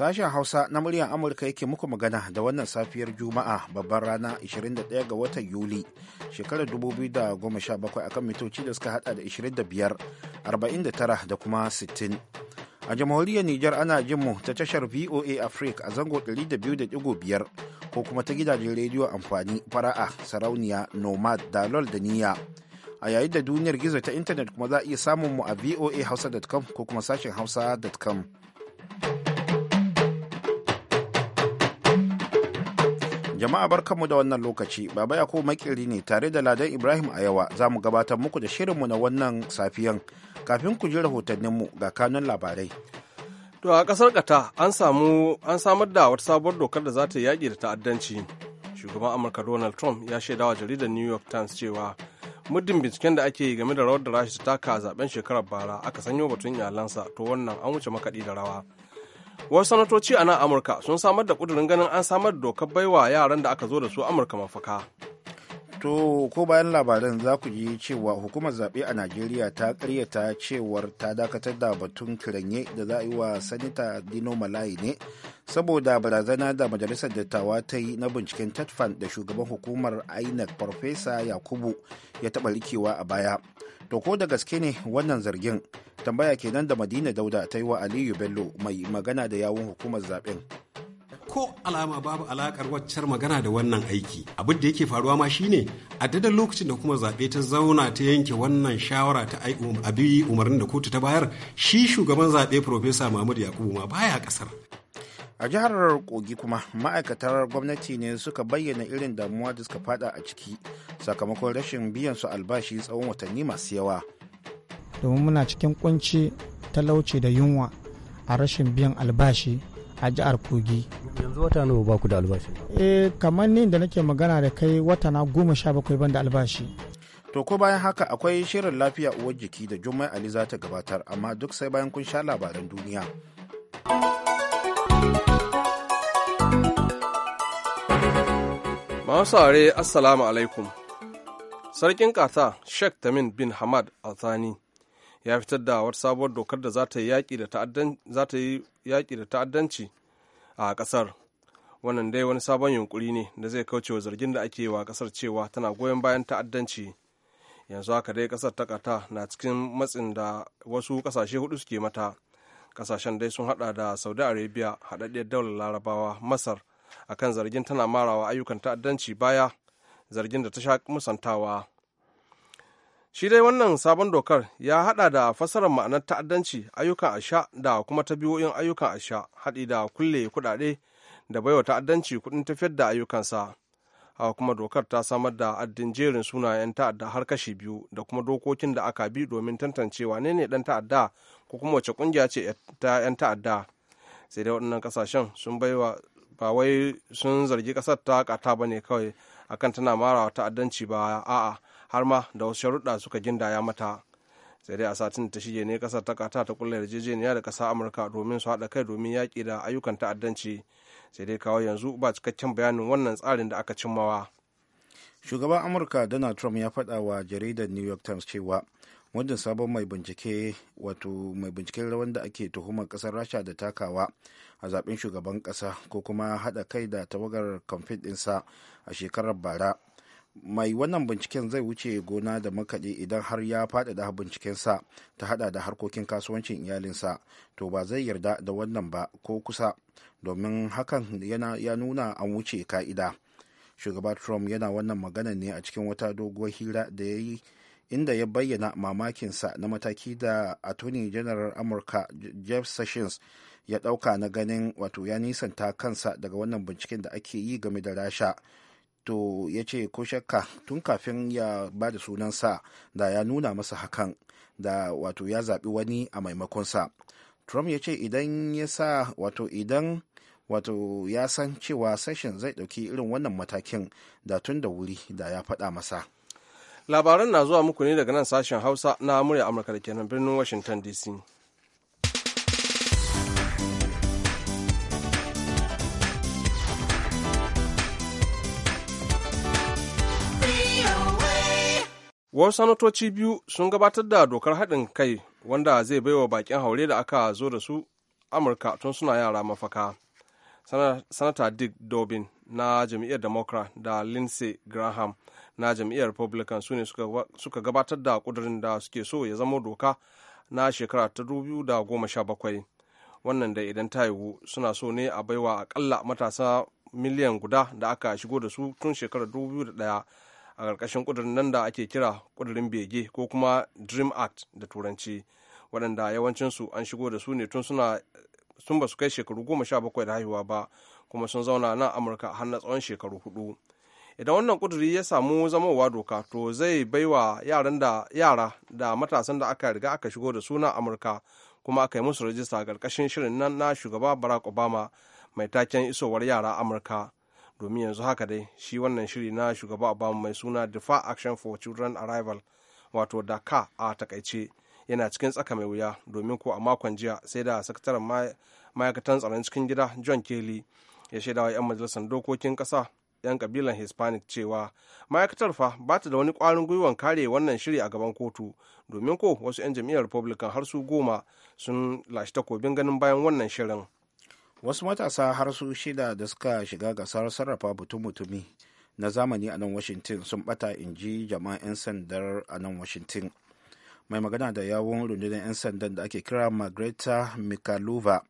Sashen Hausa na muryar Amurka yake muku magana da wannan safiyar Juma'a babbar rana 21 ga watan Yuli shekarar 2017 akan mitoci da suka hada da 25, 49 da kuma 60. A jamhuriyar Nijar ana jin mu ta tashar VOA Africa a zango 200.5 ko kuma ta gidajen rediyo amfani fara'a sarauniya nomad dalol da Niya a yayin da duniyar gizo ta intanet kuma za a iya samun mu a voahausa.com ko kuma sashen hausa.com. Jama'a barkanmu da wannan lokaci, Baba Yakubu Makiri ne tare da Ladan Ibrahim a yawa za mu gabatar muku da shirinmu na wannan safiyan. Kafin ku ji rahotanninmu ga kanun labarai. To a ƙasar Kata an samu an samar da wata sabuwar dokar da za ta yaƙi da ta'addanci. Shugaban Amurka Donald Trump ya shaidawa jaridar New York Times cewa muddin binciken da ake yi game da rawar da rashi ta taka a zaben shekarar bara aka sanyo batun iyalansa to wannan an wuce makaɗi da rawa. wasu sanatoci a nan amurka sun samar da kudurin ganin an samar da dokar baiwa yaran da aka zo da su amurka mafaka to ko bayan labaran za ku ji cewa hukumar zaɓe a najeriya ta karyata cewar ta dakatar da batun kiranye da za a yi wa sanita dino malayi ne saboda barazana da majalisar dattawa ta yi na binciken tatfan da shugaban hukumar inec farfesa yakubu ya taɓa rikewa a baya to ko da gaske ne wannan zargin tambaya kenan da madina dauda ta yi wa aliyu bello mai magana da yawun hukumar zaɓen. ko alama babu alakar waccar magana da wannan aiki abin da yake faruwa ma shine a dadan lokacin da kuma zaɓe ta zauna ta yanke wannan shawara ta abi um, umarnin da kotu ta bayar shi shugaban zaɓe profesa mahmud yakubu ma baya ƙasar a jihar kogi kuma ma'aikatar gwamnati ne suka bayyana irin damuwa da suka fada a ciki sakamakon rashin biyan su albashi tsawon watanni masu yawa domin muna cikin kunci talauci da yunwa a rashin biyan albashi a jihar kogi yanzu wata nawa ba da albashi eh kamar ni da nake magana da kai wata na goma sha bakwai ban da albashi to ko bayan haka akwai shirin lafiya uwar jiki da jummai ali za ta gabatar amma duk sai bayan kun sha labaran duniya Masu Assalamu alaikum. Sarkin ƙata Sheikh Tamim bin Hamad Althani ya fitar da wata sabuwar dokar da za ta yi yaƙi da ta'addanci a ƙasar. Wannan dai wani sabon yunkuri ne da zai kauce wa zargin da ake wa ƙasar cewa tana goyon bayan ta'addanci. Yanzu haka dai ƙasar ta ƙata na cikin matsin da wasu ƙasashe hudu suke mata. kasashen dai sun hada da saudi arabia haɗaɗɗiyar daular larabawa masar a kan zargin tana marawa ayyukan ta'addanci baya zargin da ta sha musantawa shi dai wannan sabon dokar ya hada da fassarar ma'anar ta'addanci ayyukan asha da kuma ta tabiyoyin ayyukan asha haɗi da kulle kudade da baiwa ta'addanci kuɗin tafiyar da ayyukansa haka kuma dokar ta samar da addin jerin sunayen ta'adda har kashi biyu da kuma dokokin da aka bi domin tantancewa ne ne dan ta'adda ko kuma wace kungiya ce ta 'yan ta'adda sai dai waɗannan kasashen sun baiwa ba wai sun zargi ƙasar ta kata ba ne kawai akan tana marawa ta'addanci ba a'a har ma da wasu sharuɗa suka gindaya mata sai dai a satin ta shige ne kasar ta kata ta kulla yarjejeniya da ƙasar amurka domin su haɗa kai domin yaƙi da ayyukan ta'addanci sai dai kawo yanzu ba cikakken bayanin wannan tsarin da aka cimmawa shugaban amurka donald trump ya faɗa wa jaridar new york times cewa muddin sabon mai bincike wato mai binciken rawan da ake tuhumar kasar rasha da takawa a zaben shugaban kasa ko kuma hada kai da tawagar kamfen ɗinsa a shekarar bara mai wannan binciken zai wuce gona da makaɗe idan har ya faɗaɗa bincikensa ta hada da harkokin kasuwancin iyalinsa to ba zai yarda da wannan ba ko kusa domin hakan ya nuna an wuce ka'ida shugaba trump yana wannan magana ne a cikin wata doguwar hira da ya yi inda ya bayyana mamakinsa na mataki da attorney general amurka jeff sessions ya dauka na ganin wato ya nisanta kansa daga wannan binciken da ake yi game da rasha to ya ce ko shakka tun kafin ya ba da sunansa da ya nuna masa hakan da wato ya zaɓi wani a maimakonsa trump ya ce idan ya sa wato idan wato ya san cewa sashen zai ɗauki irin wannan matakin da tun da wuri da ya faɗa masa labaran na zuwa muku ne daga nan sashen hausa na murya amurka da kenan birnin washington dc wasu sanatoci biyu sun gabatar da dokar haɗin kai wanda zai baiwa bakin haure da aka zo da su amurka tun suna yara mafaka sanata dick dobin na jam'iyyar democrat da lindsey graham na jam'iyyar republican su ne suka gabatar da kudurin da suke so ya zama doka na shekara ta bakwai wannan da idan ta yiwu suna so ne a baiwa akalla matasa miliyan guda da aka shigo da su tun shekarar 2001 a ƙarƙashin kudurin nan da ake kira kudurin bege ko kuma dream act da turanci waɗanda yawancinsu an shigo da su ne tun suna sun ba su kai shekaru goma sha bakwai da haihuwa ba kuma sun zauna nan amurka har na tsawon shekaru hudu idan wannan kuduri ya samu zamowa doka to zai baiwa yaran da yara da matasan da aka riga aka shigo da suna amurka kuma aka yi musu rajista karkashin shirin nan na shugaba barack obama mai taken isowar yara amurka domin yanzu haka dai shi wannan shiri na shugaba obama mai suna defa action for children arrival wato daka a takaice yana cikin tsaka mai wuya domin ko a makon jiya sai da sakataren ma'aikatan tsaron cikin gida john kelly ya shaidawa 'yan majalisar dokokin kasa 'yan kabilan hispanic cewa ma'aikatar fa ba ta da wani kwarin gwiwan kare wannan shiri a gaban kotu domin ko wasu 'yan jam'iyyar republican har su goma sun lashe takobin ganin bayan wannan shirin wasu matasa har su shida da suka shiga gasar sarrafa mutum-mutumi na zamani a nan washington sun bata in ji jama'an 'yan sandar a nan washington mai magana da yawon rundunar 'yan sandan da ake kira margareta mikalova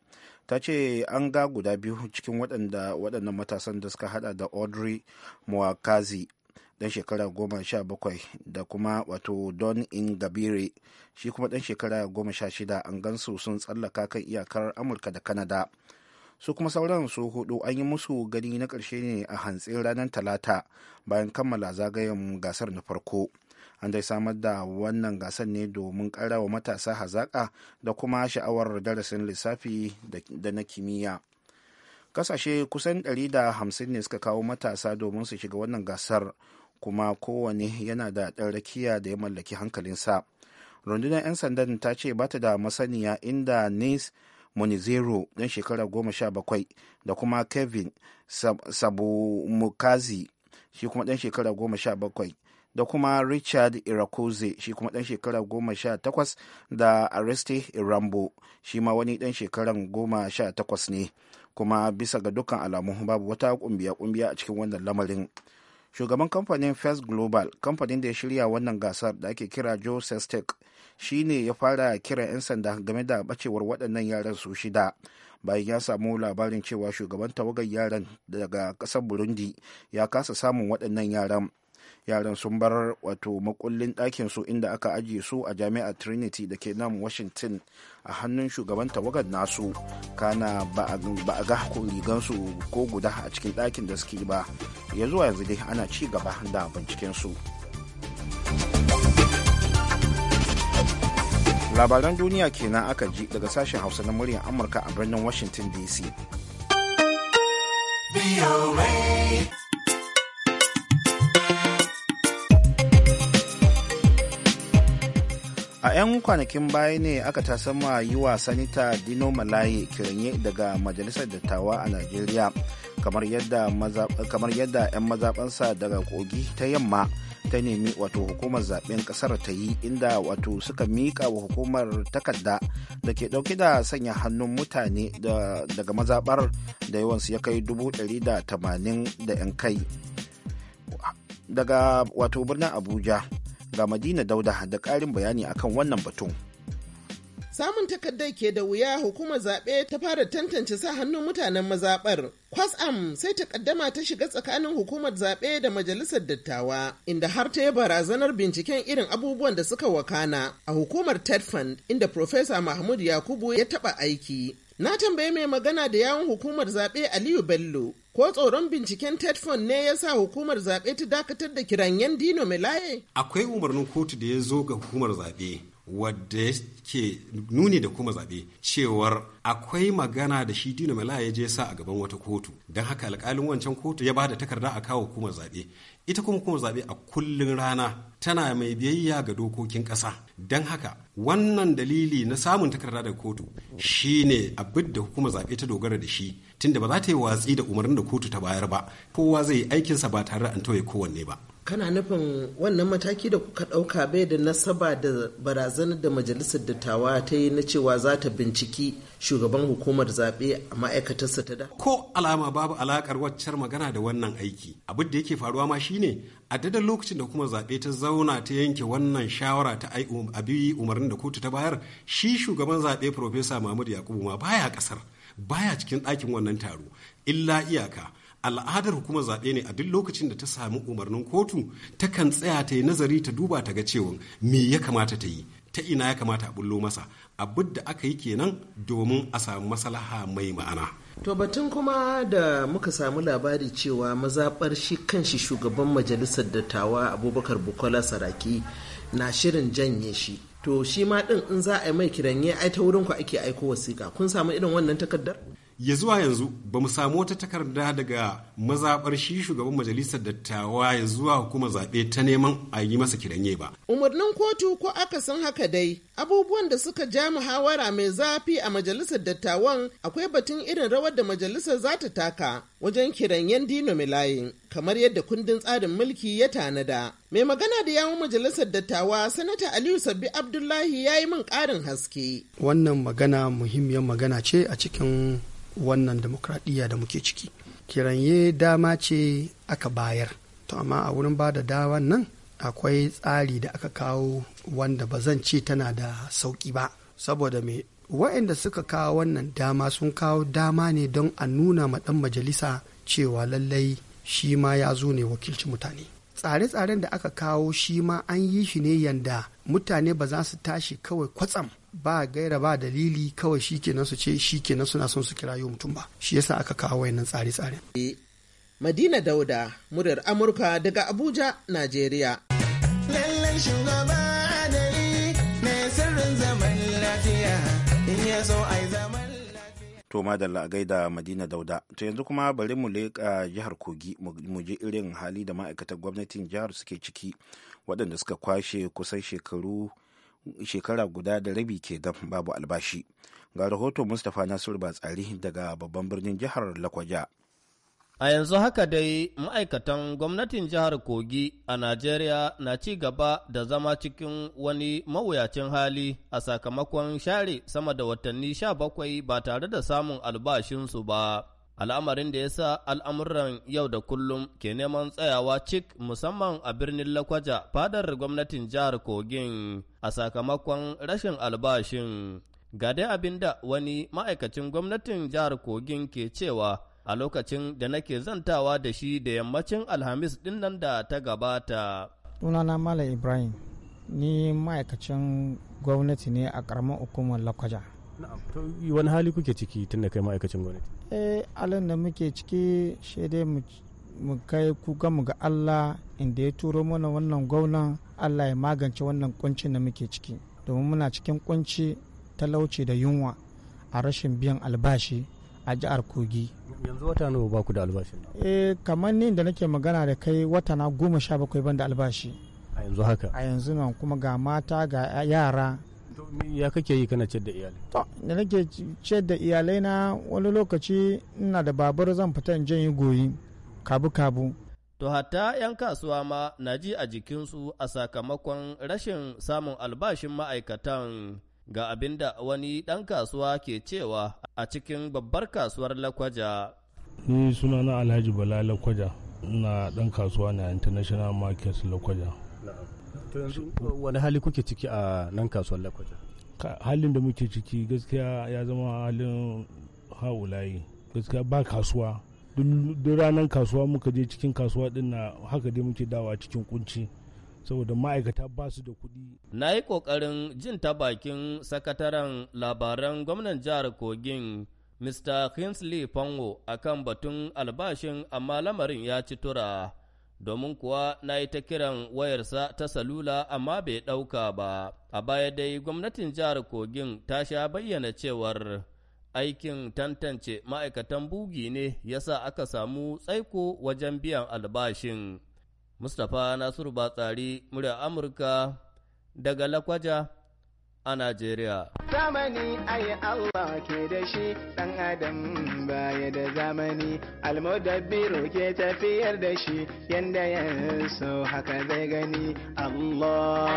ta ce an ga guda biyu cikin waɗannan matasan da suka hada da audrey muwakazi dan shekara goma sha bakwai da kuma wato don ingabire shi kuma dan shekara goma sha shida an gansu sun tsallaka kan iyakar amurka da kanada su kuma sauran su hudu an yi musu gani na karshe ne a hantsin ranar talata bayan kammala zagayen gasar na farko an dai samar da wannan gasar ne domin wa matasa hazaƙa da kuma sha'awar darasin lissafi da na kimiyya kasashe kusan 150 ne suka kawo matasa domin su shiga wannan gasar kuma kowane yana da ɗan rakiya da ya mallaki hankalinsa rundunar 'yan sandan ta ce ba da masaniya inda nis monizero ɗan shekara goma sha bakwai da kuma kevin sabu mukazi shi kuma ɗan shekara goma sha bakwai da kuma richard irakoze shi kuma dan shekara goma sha takwas da arresti rambo shi ma wani dan shekaran goma sha takwas ne kuma bisa ga dukkan alamu babu wata kumbiya-kumbiya a cikin wannan lamarin shugaban kamfanin first global kamfanin da ya shirya wannan gasar da ake kira joe sestek shi ne ya fara kira 'yan sanda game da bacewar waɗannan yaran su shida bayan ya samu labarin cewa shugaban tawagar yaran daga ƙasar burundi ya kasa samun waɗannan yaran yaran sun bar wato makullin ɗakin su inda aka ajiye su a jami'ar trinity da ke nan washington a hannun shugaban tawagar nasu kana ba a ga rigansu ko guda a cikin ɗakin da suke ba ya zuwa yanzu dai ana ci gaba da binciken su labaran duniya kenan aka ji daga sashen hausa na muryar amurka a birnin washington dc 'yan kwanakin baya ne aka sama yi wa sanita dino malaye kiranye daga majalisar dattawa a najeriya kamar yadda 'yan mazabarsa daga kogi ta yamma ta nemi wato hukumar zaben kasar ta yi inda wato suka mika wa hukumar takarda da ke dauke da sanya hannun mutane daga mazabar da yawansu ya kai dubu ɗari da tamanin da 'yan kai daga wato birnin abuja ga Madina Dauda da ƙarin bayani akan wannan batun. samun takardar ke da wuya hukumar zaɓe ta fara tantance sa hannun mutanen mazaɓar. kwas am sai ta takaddama ta shiga tsakanin hukumar zaɓe da majalisar dattawa, inda har ta yi barazanar binciken irin abubuwan da suka wakana a hukumar Ted inda Profesa Mahmud Yakubu ya taɓa aiki. Na tambayi mai magana da yawun hukumar zaɓe Aliyu Bello, ko tsoron binciken Tetfon ne ya sa hukumar zaɓe ta dakatar da kiranyen Dino Melaye? Akwai umarnin kotu da ya zo ga hukumar zaɓe wadda ke nuni da kuma zaɓe cewar akwai magana da shi Dino Melaye ya je sa a gaban wata kotu. Don haka alƙalin wancan kotu ya ba da takarda a kawo hukumar zaɓe. ita kuma kuma zaɓe a kullun rana tana mai biyayya ga dokokin ƙasa don haka wannan dalili na samun takarda daga kotu shine abin da hukumar zaɓe ta dogara da shi tunda ba za ta yi watsi da umarnin da kotu ta bayar ba kowa zai yi aikinsa ba tare da an tauye kowanne ba kana nufin wannan mataki da kuka ɗauka bai da nasaba da barazanar da majalisar dattawa ta yi na cewa za ta binciki shugaban hukumar zaɓe a ma'aikatarsa ta da ko alama babu alakar waccar magana da wannan aiki abin da yake faruwa ma shine a dadar lokacin da kuma zaɓe ta zauna ta yanke wannan shawara ta abi um, umarnin da kotu ta bayar shi shugaban zaɓe profesa mahmud yakubu ma baya ƙasar baya cikin ɗakin wannan taro illa iyaka al'adar hukumar zaɓe ne a duk lokacin da ta sami umarnin kotu takan tsaya ta yi nazari ta duba ta ga cewa me ya kamata ta yi ta ina ya kamata a bullo masa abin da aka yi kenan domin a samu maslaha mai ma'ana to batun kuma da muka samu labari cewa mazaɓar shi kanshi shugaban majalisar dattawa abubakar bukola saraki na shirin janye shi to shi ma din in za a yi mai kiranye ai ta wurin ku ake aiko wasiƙa kun samu irin wannan takardar ya zuwa yanzu ba mu samu wata takarda daga mazaɓar shi shugaban majalisar dattawa ya zuwa hukumar zaɓe ta neman a yi masa kiranye ba. Umarnin kotu ko akasin haka dai abubuwan da suka ja muhawara mai zafi a majalisar dattawan akwai batun irin rawar da majalisar za ta taka wajen kiranyen dino milayin kamar yadda kundin tsarin mulki ya tanada. Mai magana da yawun majalisar dattawa sanata Aliyu Sabbi Abdullahi ya yi min ƙarin haske. Wannan magana muhimmiyar magana ce a cikin wannan demokradiyya da muke ciki kiranye dama ce aka bayar to amma a wurin ba da dawan nan akwai tsari da aka kawo wanda ba zan ce tana da sauƙi ba saboda me wa'inda suka kawo wannan dama sun kawo dama ne don a nuna ma ɗan majalisa cewa lallai shi ma ya zo ne wakilci mutane tsare-tsaren da aka kawo shi ma an yi shi ne yanda mutane ba za su tashi kawai kwatsam ba gaira ba dalili kawai shi kenan su ce shi kenan suna son su kira yau mutum ba shi yasa aka kawo wayannan tsare-tsare. E, Madina Dauda, muryar Amurka daga Abuja, Najeriya. Lallan shugaba adali mai sirrin zaman lafiya, in ya so zaman lafiya. To madalla gaida Madina Dauda, to yanzu kuma bari mu leƙa jihar Kogi mu ji irin hali da ma'aikatan gwamnatin jihar suke ciki waɗanda suka kwashe kusan shekaru shekara guda da rabi ke da babu albashi ga rahoton mustapha nasiru batsari daga babban birnin jihar lakwaja a yanzu haka dai ma'aikatan gwamnatin jihar kogi a najeriya na ci gaba da zama cikin wani mawuyacin hali a sakamakon share sama da watanni 17 ba tare da samun albashinsu ba al'amarin da ya sa al'amuran yau da kullum ke neman tsayawa cik musamman a birnin Lakwaja fadar gwamnatin jihar Kogin a sakamakon rashin albashin. Ga dai abin da wani ma'aikacin gwamnatin jihar Kogin ke cewa a lokacin da nake zantawa da shi da yammacin Alhamis dinnan da ta gabata. Sunana Malam Ibrahim, ni ma'aikacin gwamnati ne a ƙaramin hukumar Lakwaja. to wani hali kuke ciki tun da kai ma'aikacin gwamnati eh alin da muke ciki shi dai mu kai kuka mu ga Allah inda ya turo mana wannan gwamnan Allah ya magance wannan kunci da muke ciki domin muna cikin kunci talauci da yunwa a rashin biyan albashi a jihar kogi yanzu wata nawa ba ku da albashi eh kamar ni da nake magana da kai wata na goma sha bakwai ban da albashi a yanzu haka a yanzu nan kuma ga mata ga yara ya kake yi kana ciyar da iyalai to da nake ciyar da iyalai na wani lokaci ina da babur zan fita in je goyi kabu kabu to hatta 'yan kasuwa ma na ji a jikinsu a sakamakon rashin samun albashin ma'aikatan ga abin da wani ɗan kasuwa ke cewa a cikin babbar kasuwar lakwaja ni suna na alhaji bala lakwaja ina ɗan kasuwa na international market lakwaja wani hali kuke ciki a nan kasuwar lakwaja halin da muke ciki gaskiya ya zama halin haulayi gaskiya ba kasuwa duk ranar kasuwa muka je cikin kasuwa din na haka dai muke dawa cikin kunci saboda ma'aikata ba su da kuɗi. na yi ƙoƙarin jin ta bakin sakataren labaran gwamnan jihar kogin mr kingsley fango akan batun albashin amma lamarin ya ci tura domin kuwa na yi ta kiran wayarsa ta salula amma bai ɗauka ba. A baya dai gwamnatin jihar Kogin ta sha bayyana cewar aikin tantance ma'aikatan bugi ne ya sa aka samu tsaiko wajen biyan albashin. Mustapha Nasiru Batsari, murya Amurka, daga Lakwaja a Najeriya. Zamani ayi Allah ke da shi ɗan adam baya da zamani almudabbiru ke tafiyar da shi yanda ya so haka zai gani Allah.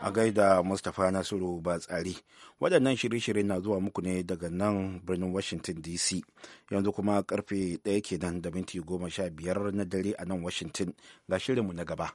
A gaida Mustapha Nasiru tsari waɗannan shirye-shirye na zuwa muku ne daga nan birnin Washington DC, yanzu kuma karfe ɗaya kenan da minti goma sha biyar na dare a nan Washington ga shirinmu na gaba.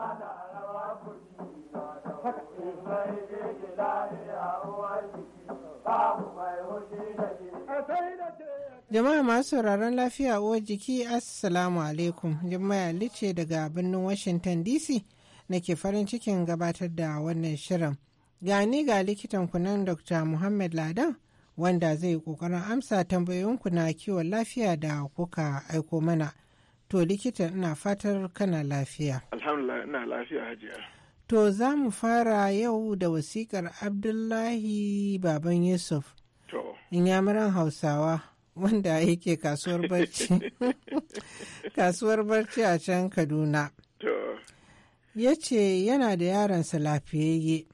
Jama'a masu sauraron lafiya uwa jiki Assalamu alaikum. Jama'a Lice daga birnin Washington DC na ke farin cikin gabatar da wannan shirin. Gani ga likitan kunan Dr. Muhammad Ladan wanda zai kokarin amsa tambayoyin ku na kiwon lafiya da kuka aiko mana. To likita ina fatar kana lafiya. Alhamdulillah ina lafiya hajiya. To za mu fara yau da wasikar Abdullahi Baban Yusuf. To. Inyamuran Hausawa wanda yake kasuwar barci kasuwar barci a can kaduna ya ce yana da yaransa lafiyayye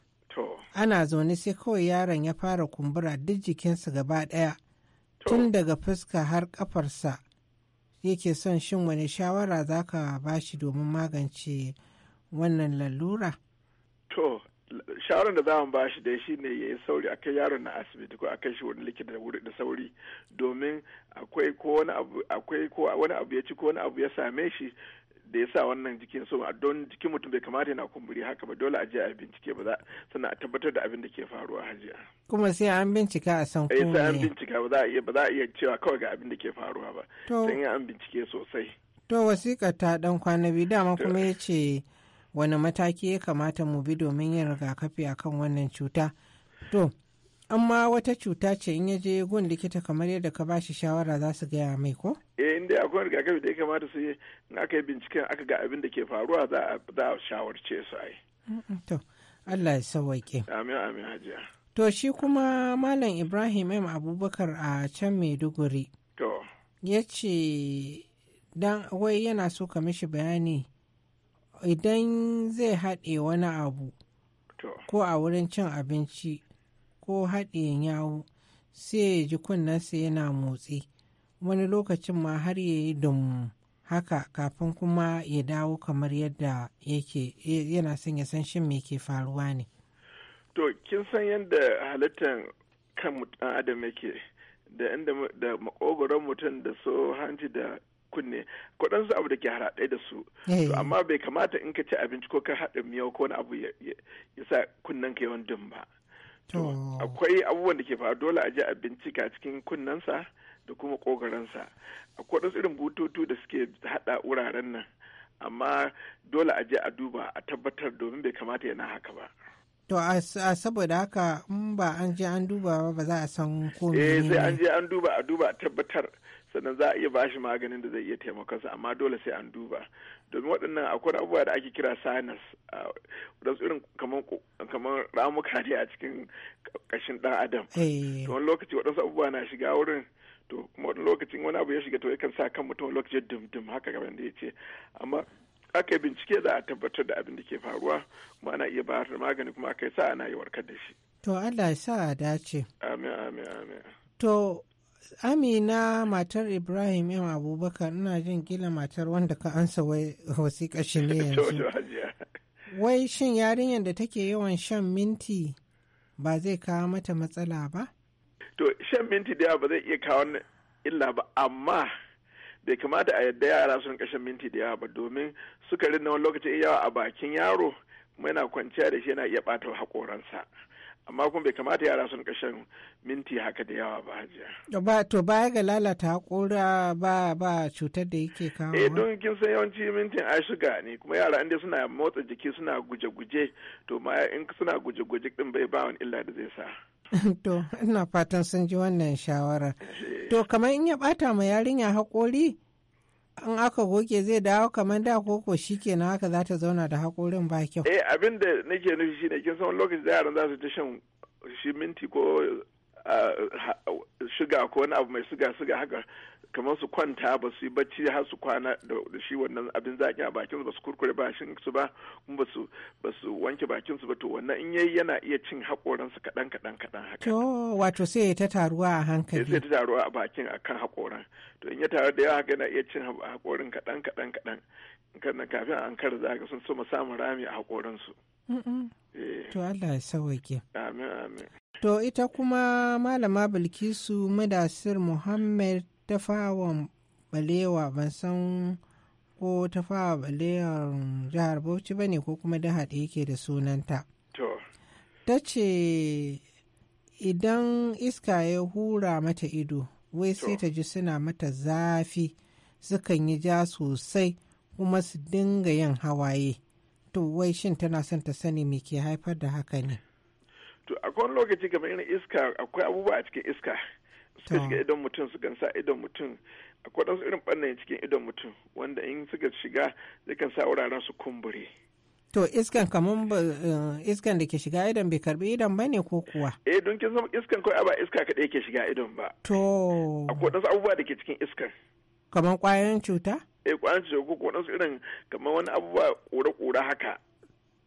ana zaune sai kawai yaron ya fara kumbura duk jikinsa gaba ɗaya tun daga fuska har ƙafarsa yake son shin wani shawara za ka ba shi domin magance wannan lalura? shawarar da za mu ba shi shi ne ya yi sauri akai yaron na asibiti ko akai shi wani likita da wuri da sauri domin akwai ko wani abu akwai ko wani abu ya ci ko wani abu ya same shi da ya sa wannan jikin so a don jikin mutum bai kamata yana kumburi haka ba dole a je a bincike ba za sannan a tabbatar da abin da ke faruwa hajiya kuma sai an bincika a san eh, kuma sai an bincika ba za a iya ba za a iya cewa kawai ga abin da ke faruwa ba sai an bincike sosai to wasiƙa ta dan kwanabi dama kuma ya ce wani mataki ya kamata mu bi domin yin rigakafi akan wannan cuta to amma wata cuta ce in yaje gun likita kamar yadda ka bashi shawara za su gaya mai ko? eh inda akwai rigakafi da ya kamata su yi in aka yi binciken aka ga abin da ke faruwa za a shawarce su ai. to Allah ya amin amin hajiya. to shi kuma malam ibrahim m abubakar a can maiduguri. to. ya ce dan wai yana so ka mishi bayani idan zai haɗe wani abu ko a wurin cin abinci ko haɗe yawo sai ya ji kunnensa yana motsi wani lokacin ma har ya yi dum haka kafin kuma ya dawo kamar yadda yake yana son ya san shin me ke faruwa ne to kin san yadda halittar kan adam yake da inda da makogoron mutum da so hanci da kunne kudin su abu da ke haraɗe da su eh. amma bai kamata in ka ci abinci ko ka haɗa miya ko wani abu ya sa kunnen ka yawan dun ba akwai abubuwan da ke faru dole a je a bincika cikin kunnensa da kuma kogaransa akwai wasu irin bututu da suke haɗa wuraren nan amma dole a je a duba a tabbatar domin bai kamata yana haka ba. To a saboda haka in ba an je an duba ba ba za a san ko Eh sai an je an duba a duba a tabbatar sannan za a iya ba shi maganin da zai iya taimakonsa amma dole sai an duba domin waɗannan akwai abubuwa da ake kira sinus da irin kamar ramuka ne a cikin ƙashin ɗan adam eh. to wani lokaci waɗansu abubuwa na shiga wurin to kuma wani lokacin wani abu ya shiga to yakan sa kan mutum lokacin dum dum haka kamar da ya ce amma aka yi bincike za a tabbatar da abin da ke faruwa kuma ana iya bayar da magani kuma aka yi sa ana yi warkar da shi. To Allah ya sa a dace. Amin amin amin. To amina matar ibrahim yan abubakar ina jin kila matar wanda ka ansa wasiƙa shi ne yanzu wai shin yarinyar da take yawan shan minti ba zai kawo mata matsala ba to shan minti da yawa ba zai iya kawo illa ba amma bai kamata a yadda yara sun shan minti da yawa ba domin sukarin na wani lokacin yawa a bakin yaro kuma yana kwanciya da shi yana iya ɓata haƙoransa amma kuma bai kamata yara sun kashen minti haka da yawa ba hajiya. Ba to baya ga lalata haƙura ba ba cutar da yake kawo. Eh don kin san yawanci mintin a shiga ne kuma yara inda suna motsa jiki suna guje-guje to ma in suna guje-guje din bai ba wani illa da zai sa. to ina fatan sun ji wannan shawarar eh. To kamar in ya bata ma yarinya hakori an aka goge zai dawo kamar da koko shi ke na haka za ta zauna da haƙorin ba kyau. e abin da nake nufi shi ne kin san lokacin da yaran za su ta shan shi minti ko ah, shiga ko wani abu mai suga suga haka kamar su kwanta ba su yi bacci har su kwana da shi wannan abin zaki a bakin su ba su kurkure bashin su ba kuma ba su ba su wanke bakin su ba to wannan in yayi yana iya cin hakoran su kadan kadan kadan haka to wato sai ta taruwa a hankali sai ta taruwa a bakin akan hakoran to in ya taru da yawa yana iya cin hakorin kadan kadan kadan kana kafin an kar zaka sun so samun samu rami a hakoran su eh. to Allah ya sauke amin amin to ita kuma malama Bilkisu Madasir Muhammad tafawan balewa ban san ko tafawa balewar jihar bauchi ba ne ko kuma da haɗe yake da sunanta ta ce idan iska ya hura mata ido wai sai ta ji suna mata zafi sukan yi ja sosai kuma su dinga yin hawaye to wai shin tana son ta sani me ke haifar da haka ne to akwai lokaci kamar irin iska akwai abubuwa a cikin iska suka shiga idon mutum sukan sa idon mutum akwai ɗansu irin ɓannayen cikin idon mutum wanda in suka shiga kan sa wuraren su kumbure. To iskan kaman eh, iskan da ke shiga idon bai karbi idon ba ne ko kuwa? Eh don kin san iskan kawai ba iska kaɗai ke shiga idon ba. To. Akwai ɗansu abubuwa da ke cikin iskan. Kaman ƙwayoyin cuta? Eh ƙwayoyin cuta ko kuma ɗansu irin kaman wani abubuwa ƙura-ƙura haka.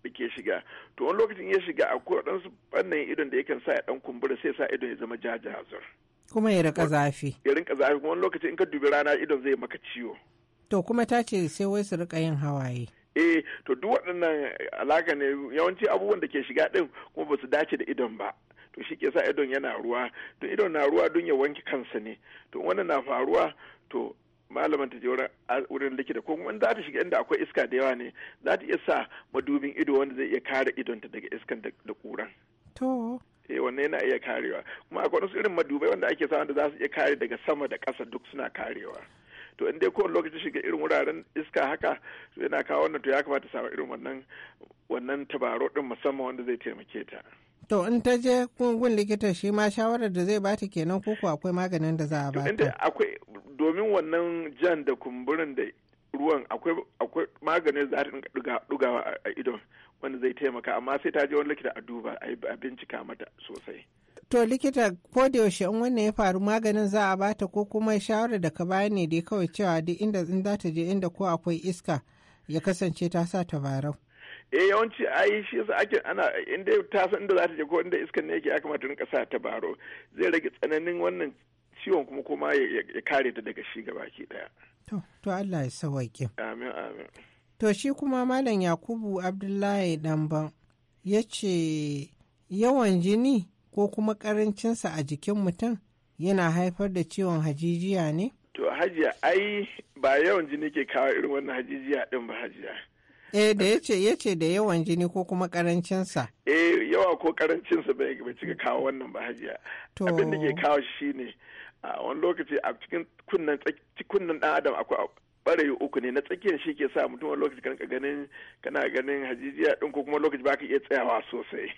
da ke shiga to wani lokacin ya shiga akwai ɗansu ɓannan idon da yakan sa ya ɗan kumbura sai sa idon ya zama jaja kuma ya rika zafi ya rinka zafi wani lokaci in ka dubi rana idon zai maka ciwo to kuma ta ce sai wai su rika yin hawaye eh to duk waɗannan alaka ne yawanci abubuwan da ke shiga ɗin kuma ba su dace da idon ba to shi ke sa idon yana ruwa to idon na ruwa don ya wanke kansa ne to wannan na faruwa to malaman ta je wurin likita ko kuma za ta shiga inda akwai iska da yawa ne za ta iya sa madubin ido wanda zai iya kare idonta daga iskan da kuran Eh, wanne yana iya karewa kuma akwai wasu irin madubai wanda ake samu da za su iya kare daga sama da ƙasa duk suna karewa to in dai kowane lokaci shiga irin wuraren iska haka to yana kawo wannan to ya kamata samu irin wannan wannan tabaro din musamman wanda zai taimake ta to in ta je kungun likita shi ma shawarar da zai bata kenan ko ko akwai maganin da za a ba ta akwai domin wannan jan da kumburin da ruwan akwai maganin za ta dinga dugawa a idon wanda zai taimaka amma sai ta je wani likita a duba a bincika mata sosai to likita ko da yaushe in wannan ya faru maganin za a bata ko kuma shawarar da ka bayan ne dai kawai cewa duk inda in za ta je inda ko akwai iska ya kasance ta sa tabarau eh yawanci ai shi yasa ake ana inda ta san inda za ta je ko inda iskan ne yake ya kamata rinka sa tabarau zai rage tsananin wannan ciwon kuma kuma ya kare ta daga shi baki daya to to Allah ya sawaike amin amin To shi kuma Malam Yakubu Abdullahi Ɗanban ya ce yawan jini ko kuma ƙarancinsa a jikin mutum yana haifar da ciwon hajijiya ne? To hajiya ai ba yawan jini ke kawo irin wannan hajijiya ɗin ba hajiya. Eh da ya ce ya ce da yawan jini ko kuma ƙarancinsa. Eh yawa ko ƙarancinsa bai cika kawo wannan ba hajiya. Abin da ke kawo shi ne a wani lokaci a cikin kunnen ɗan adam akwai barayi uku ne na tsakiyar shi ke sa mutum wani lokaci kanka ganin kana ganin hajijiya din ko kuma lokaci baka iya tsayawa sosai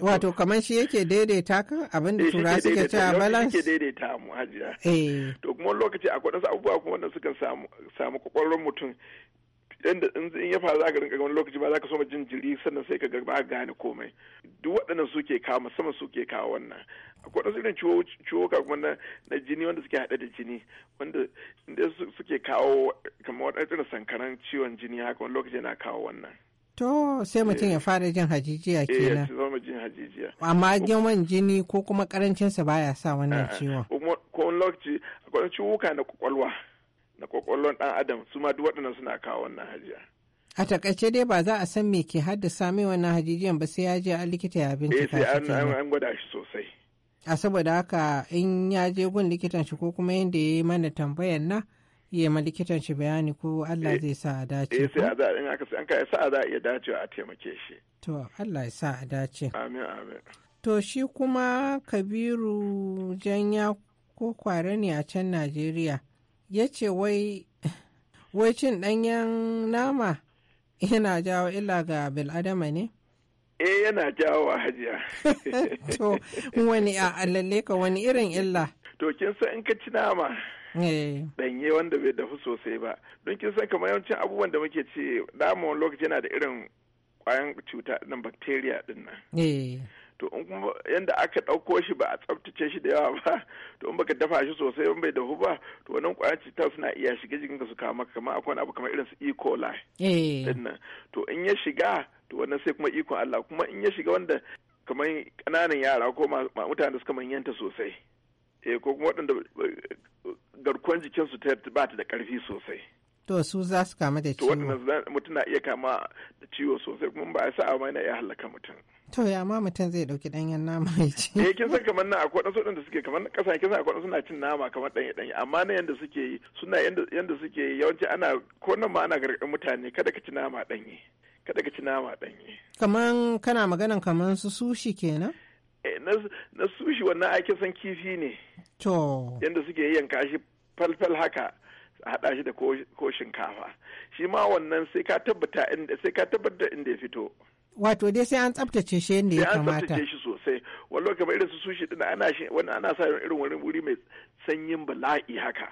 wato kamar shi yake daidaita kan abin da eh, tura suke cewa balance yake daidaita mu hajiya eh. to kuma lokaci akwai wasu abubuwa kuma wanda suka samu samu kwakwalwar mutum dan da in ya faru ka rinka wani lokaci ba ka so ma jin jiri sannan sai ka ga ba gane komai duk waɗannan suke kawo musamman suke kawo wannan akwai wasu irin ciwo kuma na jini wanda suke haɗe da jini wanda inda suke kawo kamar wani irin sankaran ciwon jini haka wani lokaci yana kawo wannan To sai mutum ya eh. fara jin hajijiya eh, kenan. Eh, zama jin hajijiya. Amma girman jini ko kuma sa baya sa wannan ciwon. Ko wani lokaci akwai ciwuka na kwakwalwa. na kwakwallon ɗan adam su ma duk waɗannan suna kawo wannan hajiya. A takaice dai ba za a san me ke haddasa mai wannan hajijiyan ba sai ya je a likita ya eh, bincika. Eh sai an gwada shi sosai. A saboda haka in ya je gun likitan shi ko kuma yadda ya yi mana tambayan na ya ma likitan shi bayani ko Allah eh, zai sa a dace. Eh sai a za in aka an kai sa a za a iya dacewa a taimake shi. To Allah ya sa a dace. Amin amin. To shi kuma Kabiru Janya ko kware ne a can Najeriya. ya ce wai cin ɗanyen nama yana jawo illa ga bil'adama ne? E yana jawo a hajiya. to wani a lalle ka wani irin illa? To kin san in ka ci nama. Eh. Ɗanye wanda bai dafu sosai ba. Don kin san kamar yawancin abubuwan da muke ci nama wani lokaci yana da irin kwayan cuta na bacteria ɗin nan. Eh. to in kuma yanda aka ɗauko shi ba a tsaftace shi da yawa ba to in baka dafa shi sosai in bai dafu ba to wannan ƙwayar cutar suna iya shiga jikin ka su kama kamar akwai abu kamar irin su E. coli eh. to in ya shiga to wannan sai kuma ikon Allah kuma in ya shiga wanda kamar ƙananan yara ko ma mutane suka manyanta sosai eh ko kuma waɗanda eh, garkuwar jikinsu ba ta da ƙarfi sosai To su za su kama da ciwo. To mutum na iya kama da ciwo sosai kuma ba a sa a yana iya halaka mutum. To ya ma mutum zai ɗauki ɗanyen nama ya ci. Eh kin san kamar na akwai ɗansu ɗan da suke kamar kasan kin san akwai ɗansu na cin nama kamar ɗanye ɗanye amma na yanda suke yi suna yanda suke yi yawanci ana ko nan ma ana gargadin mutane kada ka ci nama yi Kada ka ci nama yi. Kaman kana maganan kaman su sushi kenan? Eh, na sushi wannan ake san kifi ne. To. Yanda suke yanka shi falfal haka. a haɗa shi da ko shinkafa shi ma wannan sai ka tabbata inda sai ka tabbata inda ya fito wato dai sai an tsabtace shi yadda ya kamata. Sai an tsabtace shi sosai. Wallo kamar irin su sushi din ana shi wani ana sa irin wani wuri mai sanyin bala'i haka.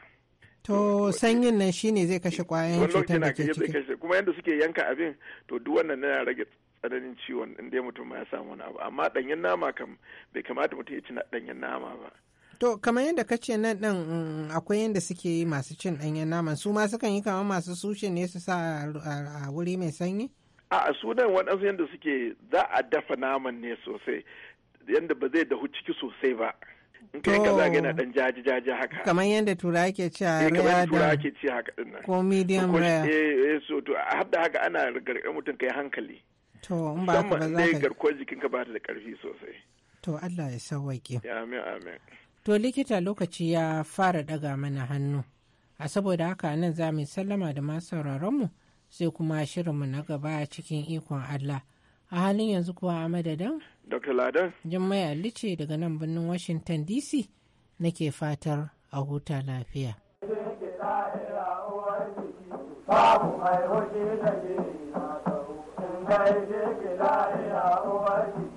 To sanyin nan shine zai kashe kwayoyin cutar da ke ciki. Kuma yadda suke yanka abin to duk wannan yana rage tsananin ciwon inda mutum ya samu wani abu amma danyen nama kam bai kamata mutum ya ci danyen nama ba. To kamar yadda ka ce nan ɗin mm, akwai yadda suke yi masu cin ɗanyen naman su ma sukan yi kamar masu sushe ne su sa a wuri mai sanyi? A nan waɗansu yadda suke za a dafa naman ne sosai yadda ba zai dahu ciki sosai ba. In kai ka zaga yana ɗan jaji jaji haka. Kamar yadda tura ake ci a eh, rare da. tura ci haka ɗin nan. Ko medium rare. Eh, eh so to har haka ana gargaɗin mutum kai hankali. To in ba ka ba za ka. Musamman garkuwar jikinka ba ta da ƙarfi sosai. To Allah ya sauwaƙe. Amin amin. To likita lokaci ya fara ɗaga mana hannu. A saboda haka nan za mu sallama da masu sauraronmu sai kuma shirin mu na gaba cikin ikon Allah. A halin yanzu kuwa a madadin? Dr. Ladan. Jummai Ali daga nan birnin Washington DC nake fatar a huta lafiya. Babu mai da ke in ke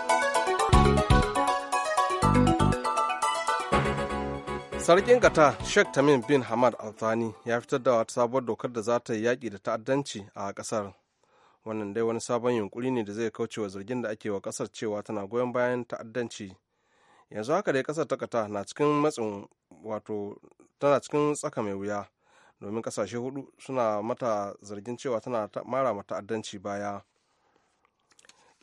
sarkin kata sheikh tamim bin hamad althani ya fitar da wata sabuwar dokar da za ta yi yaƙi da ta'addanci a ƙasar wannan dai wani sabon yunkuri ne da zai kauce wa zargin da ake wa ƙasar cewa tana goyon bayan ta'addanci yanzu haka dai ƙasar ta kata na cikin matsin wato tana cikin tsaka mai wuya domin ƙasashe hudu suna mata zargin cewa tana mara mata ta'addanci baya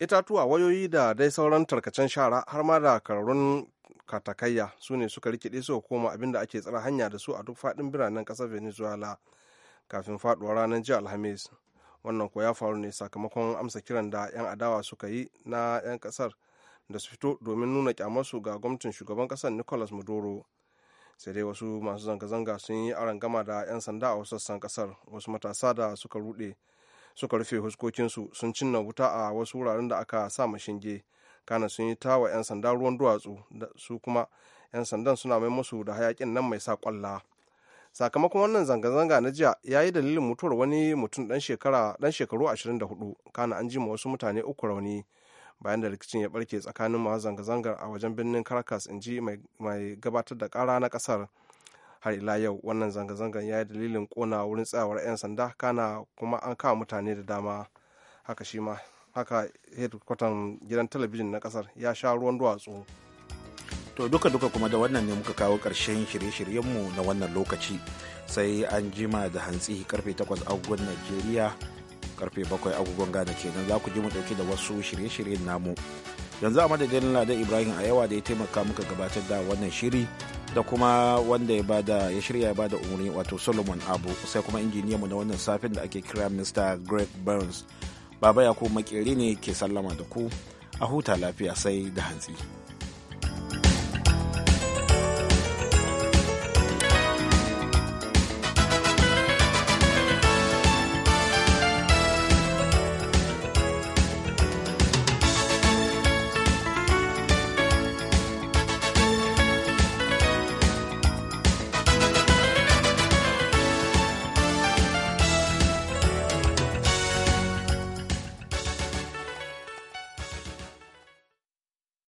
itatuwa wayoyi da dai sauran tarkacen shara har ma da kararrun katakayya su ne suka rikide suka koma abin da ake tsara hanya da su a duk faɗin biranen ƙasar venezuela kafin faɗuwar ranar jiya alhamis wannan ko ya faru ne sakamakon amsa kiran da 'yan adawa suka yi na 'yan kasar da su fito domin nuna kyamarsu ga gwamnatin shugaban ƙasar nicolas maduro sai dai wasu masu zanga-zanga sun yi arangama da 'yan sanda a wasu sassan kasar wasu matasa da suka suka rufe huskokinsu sun cinna wuta a wasu wuraren da aka sa mashinge shinge kana sun yi tawa 'yan sanda ruwan duwatsu su kuma 'yan sandan suna mai musu da hayakin nan mai sa kwalla sakamakon wannan zanga-zanga na jiya ya yi dalilin mutuwar wani mutum dan shekaru 24 kana an ji ma wasu mutane uku rauni bayan da rikicin ya barke tsakanin masu zanga-zangar a wajen birnin caracas in ji mai gabatar da kara na kasar har ila yau wannan zanga-zangar ya yi dalilin kona wurin tsayawar 'yan sanda kana kuma an kawo mutane da dama haka shi ma haka hedkwatan gidan talabijin na kasar ya sha ruwan duwatsu to duka duka kuma da wannan ne muka kawo karshen shirye-shiryenmu na wannan lokaci sai an jima da hantsi karfe 8 agogon najeriya karfe 7 agogon ghana kenan za ku ji mu dauke da wasu shirye-shiryen namu yanzu a madadin lada ibrahim a yawa da ya taimaka muka gabatar da wannan shiri da kuma wanda ya bada ya shirya ya bada umarni wato solomon abu sai kuma injiniyanmu na wannan safin da ake kira mr greg burns baba ya ko makere ne ke sallama da ku a huta lafiya sai da hantsi.